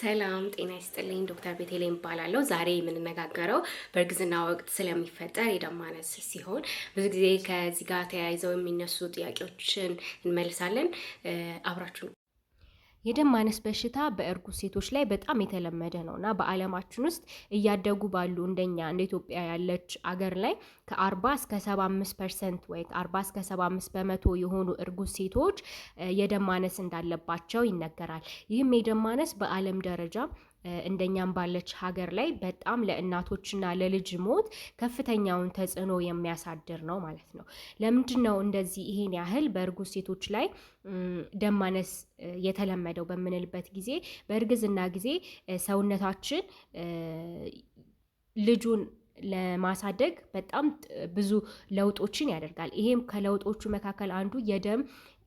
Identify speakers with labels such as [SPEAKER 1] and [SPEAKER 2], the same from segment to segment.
[SPEAKER 1] ሰላም ጤና ይስጥልኝ። ዶክተር ቤቴሌም እባላለሁ። ዛሬ የምንነጋገረው በእርግዝና ወቅት ስለሚፈጠር የደም ማነስ ሲሆን ብዙ ጊዜ ከዚህ ጋር ተያይዘው የሚነሱ ጥያቄዎችን እንመልሳለን። አብራችሁ
[SPEAKER 2] የደም ማነስ በሽታ በእርጉዝ ሴቶች ላይ በጣም የተለመደ ነው እና በዓለማችን ውስጥ እያደጉ ባሉ እንደኛ እንደ ኢትዮጵያ ያለች አገር ላይ ከአርባ እስከ 75 ፐርሰንት ወይ ከአርባ እስከ 75 በመቶ የሆኑ እርጉዝ ሴቶች የደም ማነስ እንዳለባቸው ይነገራል። ይህም የደም ማነስ በዓለም ደረጃ እንደኛም ባለች ሀገር ላይ በጣም ለእናቶችና ለልጅ ሞት ከፍተኛውን ተጽዕኖ የሚያሳድር ነው ማለት ነው። ለምንድን ነው እንደዚህ ይሄን ያህል በእርጉዝ ሴቶች ላይ ደም ማነስ የተለመደው በምንልበት ጊዜ በእርግዝና ጊዜ ሰውነታችን ልጁን ለማሳደግ በጣም ብዙ ለውጦችን ያደርጋል። ይሄም ከለውጦቹ መካከል አንዱ የደም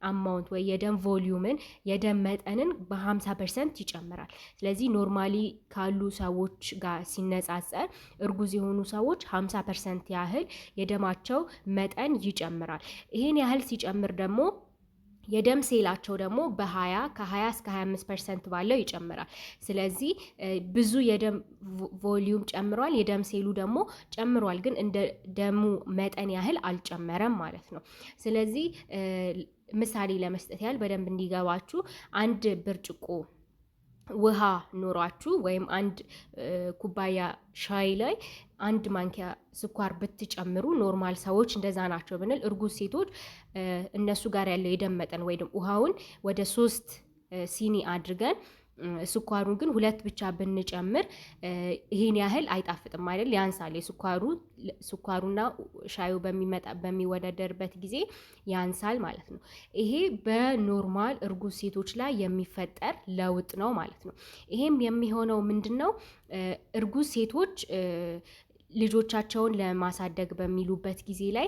[SPEAKER 2] አማውንት ወይ የደም ቮሊዩምን የደም መጠንን በ50 ፐርሰንት ይጨምራል። ስለዚህ ኖርማሊ ካሉ ሰዎች ጋር ሲነጻጸር እርጉዝ የሆኑ ሰዎች 50 ፐርሰንት ያህል የደማቸው መጠን ይጨምራል። ይህን ያህል ሲጨምር ደግሞ የደም ሴላቸው ደግሞ በ20 ከ20 እስከ 25 ፐርሰንት ባለው ይጨምራል። ስለዚህ ብዙ የደም ቮሊዩም ጨምሯል፣ የደም ሴሉ ደግሞ ጨምሯል፣ ግን እንደ ደሙ መጠን ያህል አልጨመረም ማለት ነው። ስለዚህ ምሳሌ ለመስጠት ያህል በደንብ እንዲገባችሁ አንድ ብርጭቆ ውሃ ኖሯችሁ ወይም አንድ ኩባያ ሻይ ላይ አንድ ማንኪያ ስኳር ብትጨምሩ ኖርማል ሰዎች እንደዛ ናቸው ብንል፣ እርጉዝ ሴቶች እነሱ ጋር ያለው የደመጠን ወይ ውሃውን ወደ ሶስት ሲኒ አድርገን ስኳሩ ግን ሁለት ብቻ ብንጨምር ይሄን ያህል አይጣፍጥም አይደል? ያንሳል። የስኳሩ ስኳሩና ሻዩ በሚመጣ በሚወዳደርበት ጊዜ ያንሳል ማለት ነው። ይሄ በኖርማል እርጉዝ ሴቶች ላይ የሚፈጠር ለውጥ ነው ማለት ነው። ይሄም የሚሆነው ምንድን ነው? እርጉዝ ሴቶች ልጆቻቸውን ለማሳደግ በሚሉበት ጊዜ ላይ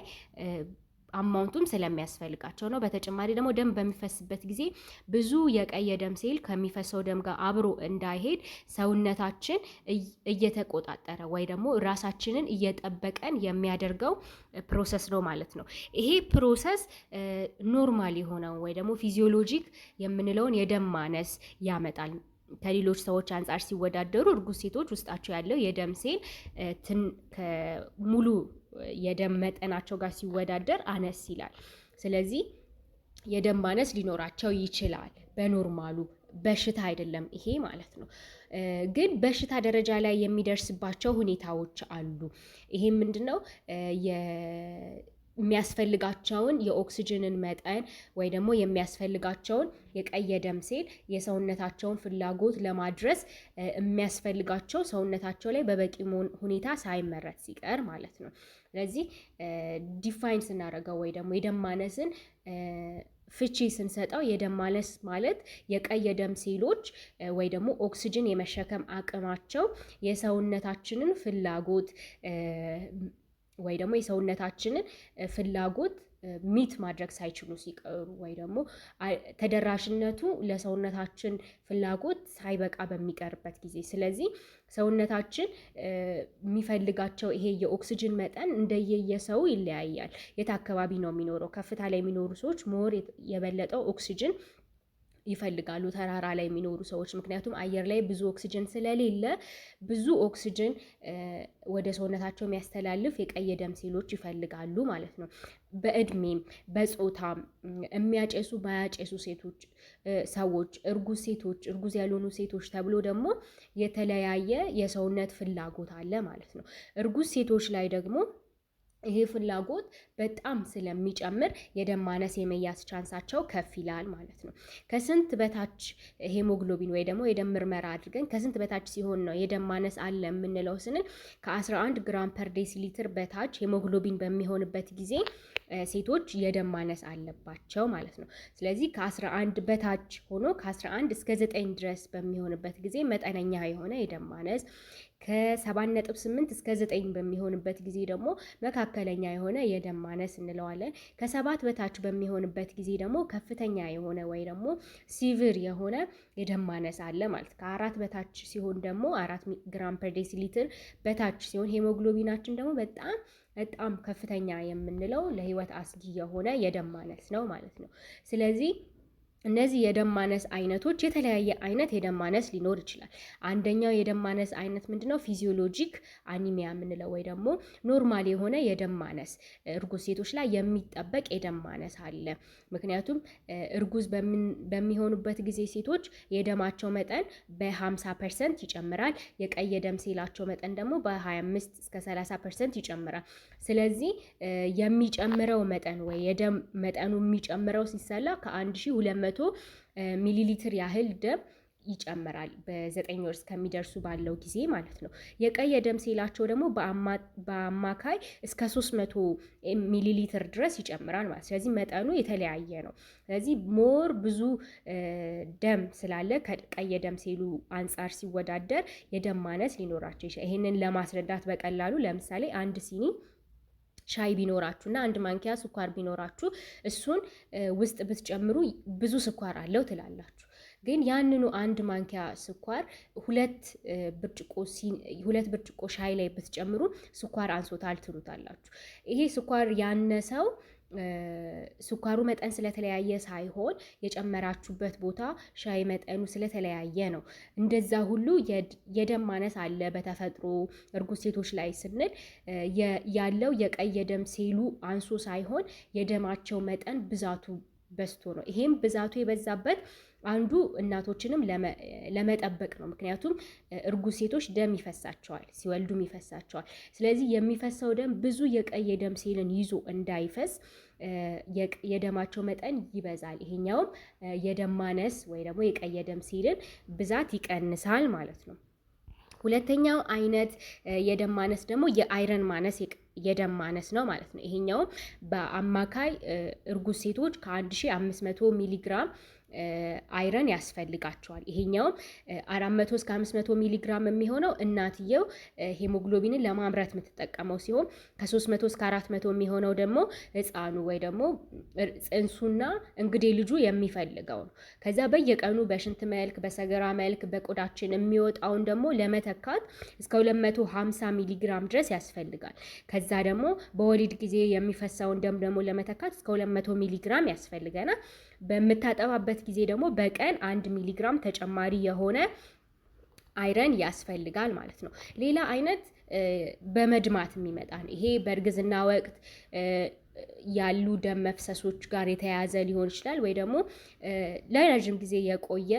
[SPEAKER 2] አማውንቱም ስለሚያስፈልጋቸው ነው። በተጨማሪ ደግሞ ደም በሚፈስበት ጊዜ ብዙ የቀይ ደም ሴል ከሚፈሰው ደም ጋር አብሮ እንዳይሄድ ሰውነታችን እየተቆጣጠረ ወይ ደግሞ ራሳችንን እየጠበቀን የሚያደርገው ፕሮሰስ ነው ማለት ነው። ይሄ ፕሮሰስ ኖርማል የሆነው ወይ ደግሞ ፊዚዮሎጂክ የምንለውን የደም ማነስ ያመጣል። ከሌሎች ሰዎች አንጻር ሲወዳደሩ እርጉዝ ሴቶች ውስጣቸው ያለው የደም ሴል ሙሉ የደም መጠናቸው ጋር ሲወዳደር አነስ ይላል። ስለዚህ የደም ማነስ ሊኖራቸው ይችላል። በኖርማሉ በሽታ አይደለም ይሄ ማለት ነው። ግን በሽታ ደረጃ ላይ የሚደርስባቸው ሁኔታዎች አሉ። ይሄ ምንድን ነው? የሚያስፈልጋቸውን የኦክስጅንን መጠን ወይ ደግሞ የሚያስፈልጋቸውን የቀይ ደም ሴል የሰውነታቸውን ፍላጎት ለማድረስ የሚያስፈልጋቸው ሰውነታቸው ላይ በበቂ ሁኔታ ሳይመረት ሲቀር ማለት ነው። ስለዚህ ዲፋይን ስናደርገው ወይ ደግሞ የደም ማነስን ፍቺ ስንሰጠው የደም ማነስ ማለት የቀይ ደም ሴሎች ወይ ደግሞ ኦክስጅን የመሸከም አቅማቸው የሰውነታችንን ፍላጎት ወይ ደግሞ የሰውነታችንን ፍላጎት ሚት ማድረግ ሳይችሉ ሲቀሩ ወይ ደግሞ ተደራሽነቱ ለሰውነታችን ፍላጎት ሳይበቃ በሚቀርበት ጊዜ፣ ስለዚህ ሰውነታችን የሚፈልጋቸው ይሄ የኦክስጅን መጠን እንደየየሰው ይለያያል። የት አካባቢ ነው የሚኖረው? ከፍታ ላይ የሚኖሩ ሰዎች ሞር የበለጠው ኦክስጅን ይፈልጋሉ ተራራ ላይ የሚኖሩ ሰዎች። ምክንያቱም አየር ላይ ብዙ ኦክሲጅን ስለሌለ ብዙ ኦክሲጅን ወደ ሰውነታቸው የሚያስተላልፍ የቀይ ደም ሴሎች ይፈልጋሉ ማለት ነው። በእድሜም በጾታ የሚያጨሱ ባያጨሱ ሴቶች ሰዎች፣ እርጉዝ ሴቶች፣ እርጉዝ ያልሆኑ ሴቶች ተብሎ ደግሞ የተለያየ የሰውነት ፍላጎት አለ ማለት ነው። እርጉዝ ሴቶች ላይ ደግሞ ይሄ ፍላጎት በጣም ስለሚጨምር የደም ማነስ የመያዝ ቻንሳቸው ከፍ ይላል ማለት ነው። ከስንት በታች ሄሞግሎቢን ወይ ደግሞ የደም ምርመራ አድርገን ከስንት በታች ሲሆን ነው የደም ማነስ አለ የምንለው ስንል ከ11 ግራም ፐር ዴሲ ሊትር በታች ሄሞግሎቢን በሚሆንበት ጊዜ ሴቶች የደም ማነስ አለባቸው ማለት ነው። ስለዚህ ከ11 በታች ሆኖ ከ11 እስከ 9 ድረስ በሚሆንበት ጊዜ መጠነኛ የሆነ የደም ማነስ ከ7.8 እስከ 9 በሚሆንበት ጊዜ ደግሞ መካከለኛ የሆነ የደም ማነስ እንለዋለን። ከሰባት በታች በሚሆንበት ጊዜ ደግሞ ከፍተኛ የሆነ ወይ ደግሞ ሲቪር የሆነ የደም ማነስ አለ ማለት። ከአራት በታች ሲሆን ደግሞ አራት ግራም ፐር ዴሲ ሊትር በታች ሲሆን ሄሞግሎቢናችን ደግሞ በጣም በጣም ከፍተኛ የምንለው ለህይወት አስጊ የሆነ የደም ማነስ ነው ማለት ነው። ስለዚህ እነዚህ የደም ማነስ አይነቶች የተለያየ አይነት የደም ማነስ ሊኖር ይችላል። አንደኛው የደም ማነስ አይነት ምንድነው? ፊዚዮሎጂክ አኒሚያ የምንለው ወይ ደግሞ ኖርማል የሆነ የደም ማነስ እርጉዝ ሴቶች ላይ የሚጠበቅ የደም ማነስ አለ። ምክንያቱም እርጉዝ በሚሆኑበት ጊዜ ሴቶች የደማቸው መጠን በ50 ፐርሰንት ይጨምራል። የቀይ የደም ሴላቸው መጠን ደግሞ በ25 እስከ 30 ፐርሰንት ይጨምራል። ስለዚህ የሚጨምረው መጠን ወይ የደም መጠኑ የሚጨምረው ሲሰላ ከ1200 መቶ ሚሊ ሊትር ያህል ደም ይጨምራል በዘጠኝ ወር እስከሚደርሱ ባለው ጊዜ ማለት ነው። የቀይ የደም ሴላቸው ደግሞ በአማካይ እስከ 300 ሚሊ ሊትር ድረስ ይጨምራል ማለት ስለዚህ መጠኑ የተለያየ ነው። ስለዚህ ሞር ብዙ ደም ስላለ ከቀይ የደም ሴሉ አንጻር ሲወዳደር የደም ማነስ ሊኖራቸው ይችላል። ይህንን ለማስረዳት በቀላሉ ለምሳሌ አንድ ሲኒ ሻይ ቢኖራችሁ እና አንድ ማንኪያ ስኳር ቢኖራችሁ እሱን ውስጥ ብትጨምሩ ብዙ ስኳር አለው ትላላችሁ። ግን ያንኑ አንድ ማንኪያ ስኳር ሁለት ብርጭቆ ሁለት ብርጭቆ ሻይ ላይ ብትጨምሩ ስኳር አንሶታል ትሉታላችሁ። ይሄ ስኳር ያነሰው ስኳሩ መጠን ስለተለያየ ሳይሆን የጨመራችሁበት ቦታ ሻይ መጠኑ ስለተለያየ ነው። እንደዛ ሁሉ የደም ማነስ አለ በተፈጥሮ እርጉዝ ሴቶች ላይ ስንል ያለው የቀይ የደም ሴሉ አንሶ ሳይሆን የደማቸው መጠን ብዛቱ በዝቶ ነው። ይሄም ብዛቱ የበዛበት አንዱ እናቶችንም ለመጠበቅ ነው። ምክንያቱም እርጉዝ ሴቶች ደም ይፈሳቸዋል፣ ሲወልዱም ይፈሳቸዋል። ስለዚህ የሚፈሰው ደም ብዙ የቀይ የደም ሴልን ይዞ እንዳይፈስ የደማቸው መጠን ይበዛል። ይሄኛውም የደም ማነስ ወይ ደግሞ የቀይ የደም ሴልን ብዛት ይቀንሳል ማለት ነው። ሁለተኛው አይነት የደም ማነስ ደግሞ የአይረን ማነስ የደም ማነስ ነው ማለት ነው። ይሄኛውም በአማካይ እርጉዝ ሴቶች ከ1500 ሚሊግራም አይረን ያስፈልጋቸዋል። ይሄኛውም 400 እስከ 500 ሚሊግራም የሚሆነው እናትየው ሄሞግሎቢንን ለማምረት የምትጠቀመው ሲሆን ከ300 እስከ 400 የሚሆነው ደግሞ ህፃኑ ወይ ደግሞ ጽንሱና እንግዴ ልጁ የሚፈልገው ነው። ከዛ በየቀኑ በሽንት መልክ፣ በሰገራ መልክ፣ በቆዳችን የሚወጣውን ደግሞ ለመተካት እስከ 250 ሚሊግራም ድረስ ያስፈልጋል። ከዛ ደግሞ በወሊድ ጊዜ የሚፈሰውን ደም ደግሞ ለመተካት እስከ 200 ሚሊግራም ያስፈልገናል። በምታጠባበት ጊዜ ደግሞ በቀን አንድ ሚሊግራም ተጨማሪ የሆነ አይረን ያስፈልጋል ማለት ነው። ሌላ አይነት በመድማት የሚመጣ ነው። ይሄ በእርግዝና ወቅት ያሉ ደም መፍሰሶች ጋር የተያያዘ ሊሆን ይችላል። ወይ ደግሞ ለረዥም ጊዜ የቆየ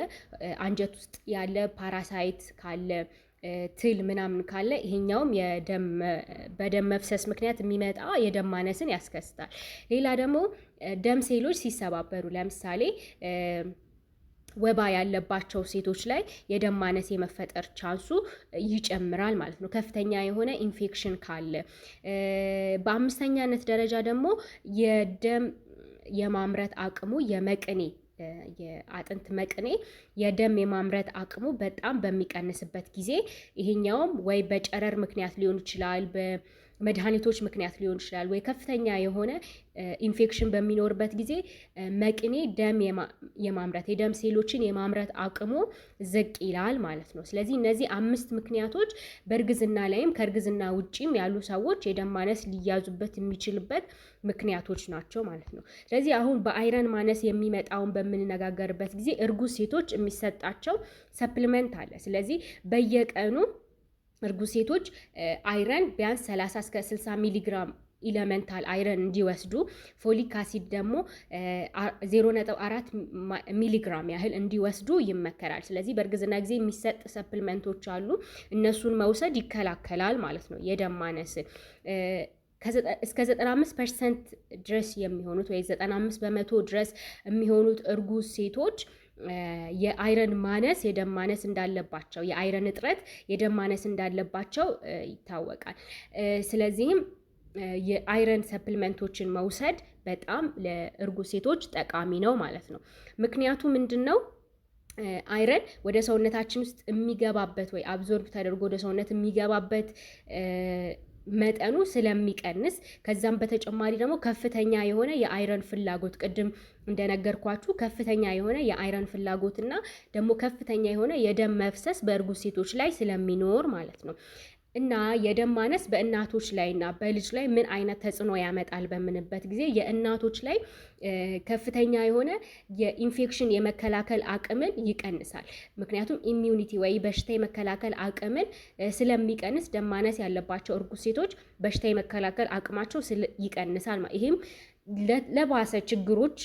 [SPEAKER 2] አንጀት ውስጥ ያለ ፓራሳይት ካለ ትል ምናምን ካለ ይሄኛውም በደም መፍሰስ ምክንያት የሚመጣ የደም ማነስን ያስከስታል። ሌላ ደግሞ ደም ሴሎች ሲሰባበሩ ለምሳሌ ወባ ያለባቸው ሴቶች ላይ የደም ማነስ የመፈጠር ቻንሱ ይጨምራል ማለት ነው፣ ከፍተኛ የሆነ ኢንፌክሽን ካለ። በአምስተኛነት ደረጃ ደግሞ የደም የማምረት አቅሙ የመቅኔ የአጥንት መቅኔ የደም የማምረት አቅሙ በጣም በሚቀንስበት ጊዜ ይሄኛውም ወይ በጨረር ምክንያት ሊሆን ይችላል መድኃኒቶች ምክንያት ሊሆን ይችላል ወይ ከፍተኛ የሆነ ኢንፌክሽን በሚኖርበት ጊዜ መቅኔ ደም የማምረት የደም ሴሎችን የማምረት አቅሙ ዝቅ ይላል ማለት ነው። ስለዚህ እነዚህ አምስት ምክንያቶች በእርግዝና ላይም ከእርግዝና ውጪም ያሉ ሰዎች የደም ማነስ ሊያዙበት የሚችልበት ምክንያቶች ናቸው ማለት ነው። ስለዚህ አሁን በአይረን ማነስ የሚመጣውን በምንነጋገርበት ጊዜ እርጉዝ ሴቶች የሚሰጣቸው ሰፕሊመንት አለ። ስለዚህ በየቀኑ እርጉዝ ሴቶች አይረን ቢያንስ 30 እስከ 60 ሚሊግራም ኢለመንታል አይረን እንዲወስዱ ፎሊክ አሲድ ደግሞ 0.4 ሚሊግራም ያህል እንዲወስዱ ይመከራል። ስለዚህ በእርግዝና ጊዜ የሚሰጥ ሰፕልመንቶች አሉ። እነሱን መውሰድ ይከላከላል ማለት ነው የደም ማነስን እስከ 95 ፐርሰንት ድረስ የሚሆኑት ወይ 95 በመቶ ድረስ የሚሆኑት እርጉዝ ሴቶች የአይረን ማነስ የደም ማነስ እንዳለባቸው የአይረን እጥረት የደም ማነስ እንዳለባቸው ይታወቃል። ስለዚህም የአይረን ሰፕልመንቶችን መውሰድ በጣም ለእርጉዝ ሴቶች ጠቃሚ ነው ማለት ነው። ምክንያቱ ምንድን ነው? አይረን ወደ ሰውነታችን ውስጥ የሚገባበት ወይ አብዞርብ ተደርጎ ወደ ሰውነት የሚገባበት መጠኑ ስለሚቀንስ ከዛም በተጨማሪ ደግሞ ከፍተኛ የሆነ የአይረን ፍላጎት ቅድም እንደነገርኳችሁ ከፍተኛ የሆነ የአይረን ፍላጎትና ደግሞ ከፍተኛ የሆነ የደም መፍሰስ በእርጉዝ ሴቶች ላይ ስለሚኖር ማለት ነው። እና የደም ማነስ በእናቶች ላይ እና በልጅ ላይ ምን አይነት ተጽዕኖ ያመጣል በምንበት ጊዜ የእናቶች ላይ ከፍተኛ የሆነ የኢንፌክሽን የመከላከል አቅምን ይቀንሳል። ምክንያቱም ኢሚዩኒቲ ወይ በሽታ የመከላከል አቅምን ስለሚቀንስ ደም ማነስ ያለባቸው እርጉዝ ሴቶች በሽታ የመከላከል አቅማቸው ይቀንሳል። ይህም ለባሰ ችግሮች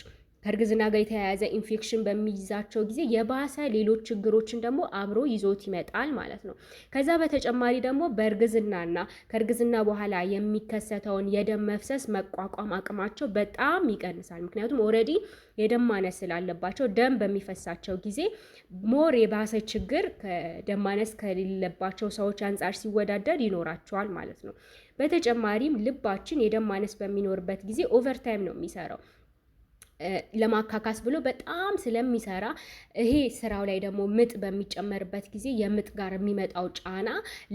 [SPEAKER 2] ከእርግዝና ጋር የተያያዘ ኢንፌክሽን በሚይዛቸው ጊዜ የባሰ ሌሎች ችግሮችን ደግሞ አብሮ ይዞት ይመጣል ማለት ነው። ከዛ በተጨማሪ ደግሞ በእርግዝናና ከእርግዝና በኋላ የሚከሰተውን የደም መፍሰስ መቋቋም አቅማቸው በጣም ይቀንሳል። ምክንያቱም ኦልሬዲ የደም ማነስ ስላለባቸው ደም በሚፈሳቸው ጊዜ ሞር የባሰ ችግር ከደም ማነስ ከሌለባቸው ሰዎች አንጻር ሲወዳደር ይኖራቸዋል ማለት ነው። በተጨማሪም ልባችን የደም ማነስ በሚኖርበት ጊዜ ኦቨርታይም ነው የሚሰራው ለማካካስ ብሎ በጣም ስለሚሰራ ይሄ ስራው ላይ ደግሞ ምጥ በሚጨመርበት ጊዜ የምጥ ጋር የሚመጣው ጫና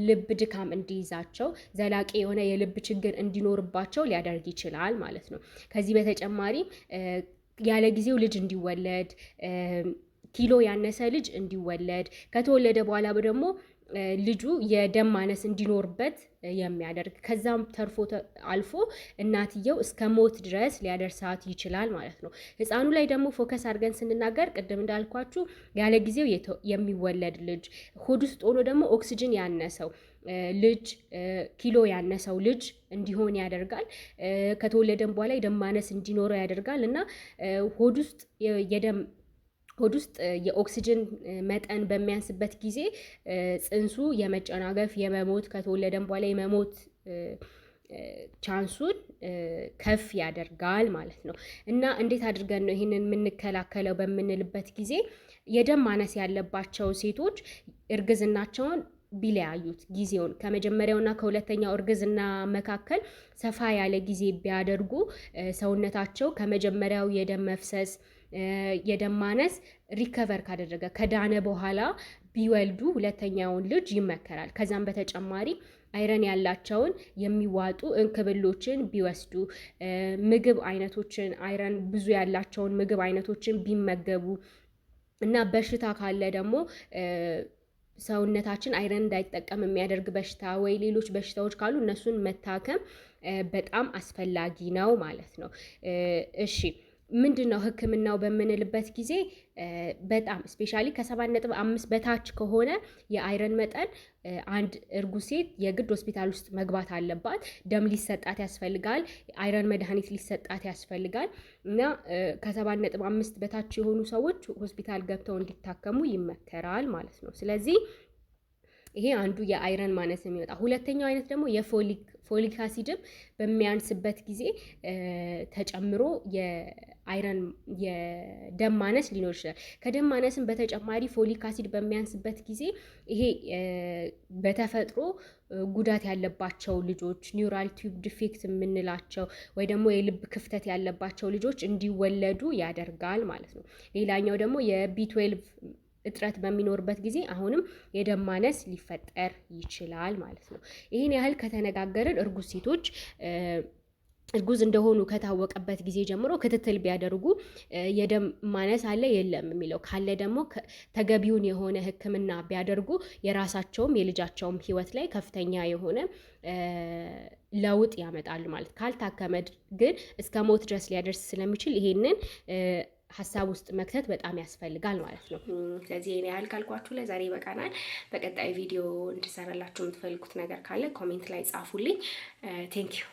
[SPEAKER 2] ልብ ድካም እንዲይዛቸው ዘላቂ የሆነ የልብ ችግር እንዲኖርባቸው ሊያደርግ ይችላል ማለት ነው። ከዚህ በተጨማሪም ያለ ጊዜው ልጅ እንዲወለድ ኪሎ ያነሰ ልጅ እንዲወለድ ከተወለደ በኋላ ደግሞ ልጁ የደም ማነስ እንዲኖርበት የሚያደርግ ከዛም ተርፎ አልፎ እናትየው እስከ ሞት ድረስ ሊያደርሳት ይችላል ማለት ነው። ህፃኑ ላይ ደግሞ ፎከስ አድርገን ስንናገር ቅድም እንዳልኳችሁ ያለ ጊዜው የሚወለድ ልጅ፣ ሆድ ውስጥ ሆኖ ደግሞ ኦክስጅን ያነሰው ልጅ፣ ኪሎ ያነሰው ልጅ እንዲሆን ያደርጋል። ከተወለደም በኋላ የደም ማነስ እንዲኖረው ያደርጋል እና ሆድ ውስጥ የደም ሆድ ውስጥ የኦክሲጅን መጠን በሚያንስበት ጊዜ ጽንሱ የመጨናገፍ የመሞት ከተወለደን በኋላ የመሞት ቻንሱን ከፍ ያደርጋል ማለት ነው። እና እንዴት አድርገን ነው ይህንን የምንከላከለው በምንልበት ጊዜ የደም ማነስ ያለባቸው ሴቶች እርግዝናቸውን ቢለያዩት ጊዜውን ከመጀመሪያውና ከሁለተኛው እርግዝና መካከል ሰፋ ያለ ጊዜ ቢያደርጉ ሰውነታቸው ከመጀመሪያው የደም መፍሰስ የደም ማነስ ሪከቨር ካደረገ ከዳነ በኋላ ቢወልዱ ሁለተኛውን ልጅ ይመከራል። ከዛም በተጨማሪ አይረን ያላቸውን የሚዋጡ እንክብሎችን ቢወስዱ፣ ምግብ አይነቶችን አይረን ብዙ ያላቸውን ምግብ አይነቶችን ቢመገቡ እና በሽታ ካለ ደግሞ ሰውነታችን አይረን እንዳይጠቀም የሚያደርግ በሽታ ወይ ሌሎች በሽታዎች ካሉ እነሱን መታከም በጣም አስፈላጊ ነው ማለት ነው። እሺ ምንድን ነው ህክምናው በምንልበት ጊዜ በጣም ስፔሻሊ ከሰባት ነጥብ አምስት በታች ከሆነ የአይረን መጠን አንድ እርጉዝ ሴት የግድ ሆስፒታል ውስጥ መግባት አለባት። ደም ሊሰጣት ያስፈልጋል። አይረን መድኃኒት ሊሰጣት ያስፈልጋል እና ከሰባት ነጥብ አምስት በታች የሆኑ ሰዎች ሆስፒታል ገብተው እንዲታከሙ ይመከራል ማለት ነው። ስለዚህ ይሄ አንዱ የአይረን ማነስ የሚመጣ ሁለተኛው አይነት ደግሞ የፎሊክ ፎሊክ አሲድም በሚያንስበት ጊዜ ተጨምሮ የአይረን የደም ማነስ ሊኖር ይችላል። ከደም ማነስም በተጨማሪ ፎሊክ አሲድ በሚያንስበት ጊዜ ይሄ በተፈጥሮ ጉዳት ያለባቸው ልጆች ኒውራል ቲዩብ ዲፌክት የምንላቸው ወይ ደግሞ የልብ ክፍተት ያለባቸው ልጆች እንዲወለዱ ያደርጋል ማለት ነው። ሌላኛው ደግሞ የቢ እጥረት በሚኖርበት ጊዜ አሁንም የደም ማነስ ሊፈጠር ይችላል ማለት ነው። ይህን ያህል ከተነጋገርን እርጉዝ ሴቶች እርጉዝ እንደሆኑ ከታወቀበት ጊዜ ጀምሮ ክትትል ቢያደርጉ የደም ማነስ አለ የለም የሚለው ካለ ደግሞ ተገቢውን የሆነ ሕክምና ቢያደርጉ የራሳቸውም የልጃቸውም ሕይወት ላይ ከፍተኛ የሆነ ለውጥ ያመጣሉ ማለት። ካልታከመ ግን እስከ ሞት ድረስ ሊያደርስ ስለሚችል ይሄንን ሀሳብ ውስጥ መክተት በጣም ያስፈልጋል ማለት ነው።
[SPEAKER 1] ስለዚህ ይህን ያህል ካልኳችሁ ለዛሬ ይበቃናል። በቀጣይ ቪዲዮ እንድሰራላችሁ የምትፈልጉት ነገር ካለ ኮሜንት ላይ ጻፉልኝ። ዩ